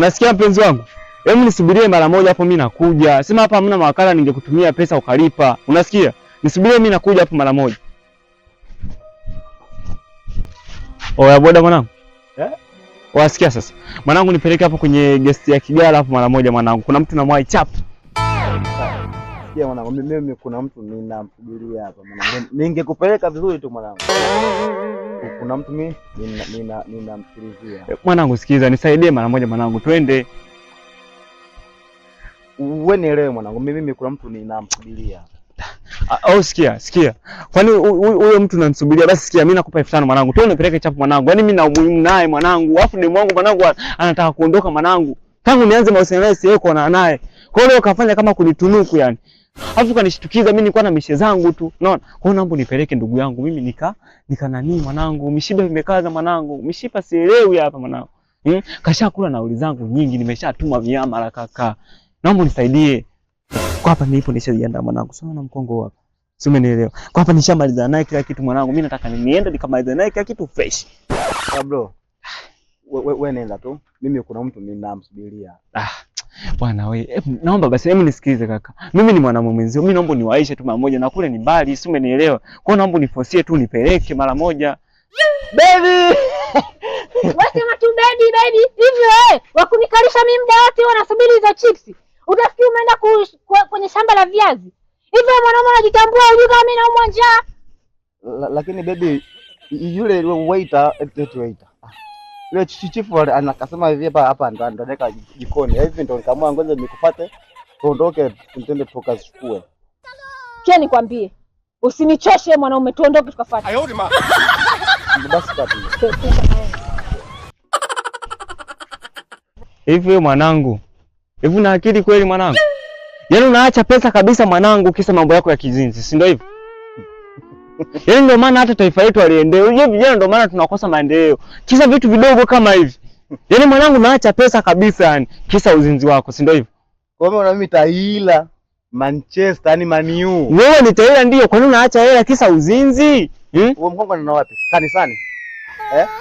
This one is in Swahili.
Unasikia mpenzi wangu? Hebu nisubirie mara moja hapo, mimi nakuja. Sema hapa hamna mawakala, ningekutumia pesa ukalipa. Unasikia? Nisubirie, mimi nakuja hapo mara moja. Oya oh, boda mwanangu, Eh? yeah? Oh, Wasikia sasa mwanangu, nipeleke hapo kwenye guest ya Kigala hapo mara moja mwanangu, kuna mtu namwai chap. Sikia mwanangu, mimi mimi kuna mtu ninamsubiria hapa mwanangu, ningekupeleka vizuri tu mwanangu kuna mtu mimi ninamsikilizia. Eh, mwanangu sikiliza, nisaidie mara moja mwanangu, twende. Wewe nielewe mwanangu, mimi kuna mtu ninamsubiria. Ah, au sikia, sikia. Kwani huyo mtu namsubiria? Basi sikia, mimi nakupa elfu tano mwanangu, twende nipeleke chapu mwanangu, yaani mimi na umuhimu naye mwanangu, afu demu wangu mwanangu anataka kuondoka mwanangu. Tangu nianze mahusiano naye sio kuona naye. Kwa hiyo kafanya kama kunitunuku yani. Alafu kanishtukiza mimi nilikuwa na mishe zangu tu. Unaona? Kwa hiyo naomba nipeleke ndugu yangu mimi nika nika nani mwanangu, mishipa imekaza mwanangu, mishipa sielewi hapa mwanangu. Hmm? Kashakula nauli zangu nyingi nimeshatuma miamala kaka. Naomba nisaidie. Kwa hapa nilipo nishajiandaa mwanangu. Sasa na mkongo wako. Si umenielewa? Kwa hapa nishamaliza naye kila kitu mwanangu. Mimi nataka niende nikamaliza naye kila kitu fresh. Ah bro, wewe we, nenda tu, mimi kuna mtu ninamsubiria. Ah, bwana we, eh, naomba basi, hebu nisikilize kaka, mimi ni mwanamume mwenzio, mimi naomba niwaishe tu mara moja, na kule ni mbali, si umenielewa? Kwa naomba unifosie tu nipeleke mara moja baby wasema tu baby baby hivyo eh, wakunikalisha mimi muda wote wanasubiri hizo chips. Utafikiri umeenda kwenye shamba la viazi hivyo? mwanamume anajitambua, unajua kama mimi naumwa njaa. Lakini baby, yule waiter, eh, waiter yule chichifu anakasema hivi hapa hapa ndo ndo jikoni. Hivi ndo nikamua ngoja nikupate tuondoke tuende tukazichukue. Kia nikwambie. Usinichoshe mwanaume tuondoke tukafuate. Ayodi ma. Basi kati. Hivi mwanangu. Hivi una akili kweli mwanangu? Yaani unaacha pesa kabisa mwanangu kisa mambo yako ya kizinzi, si ndio hivyo? Yaani ndio maana hata taifa letu aliendelea. Hiyo vijana ndio maana tunakosa maendeleo. Kisa vitu vidogo kama hivi. Yaani mwanangu naacha pesa kabisa yani. Kisa uzinzi wako, si ndio hivyo? Kwa hiyo unaona mimi tahila Manchester yaani Man U. Wewe ni tahila ndio, kwa nini unaacha hela kisa uzinzi? Hmm? mkongo na wapi? Kanisani. Eh?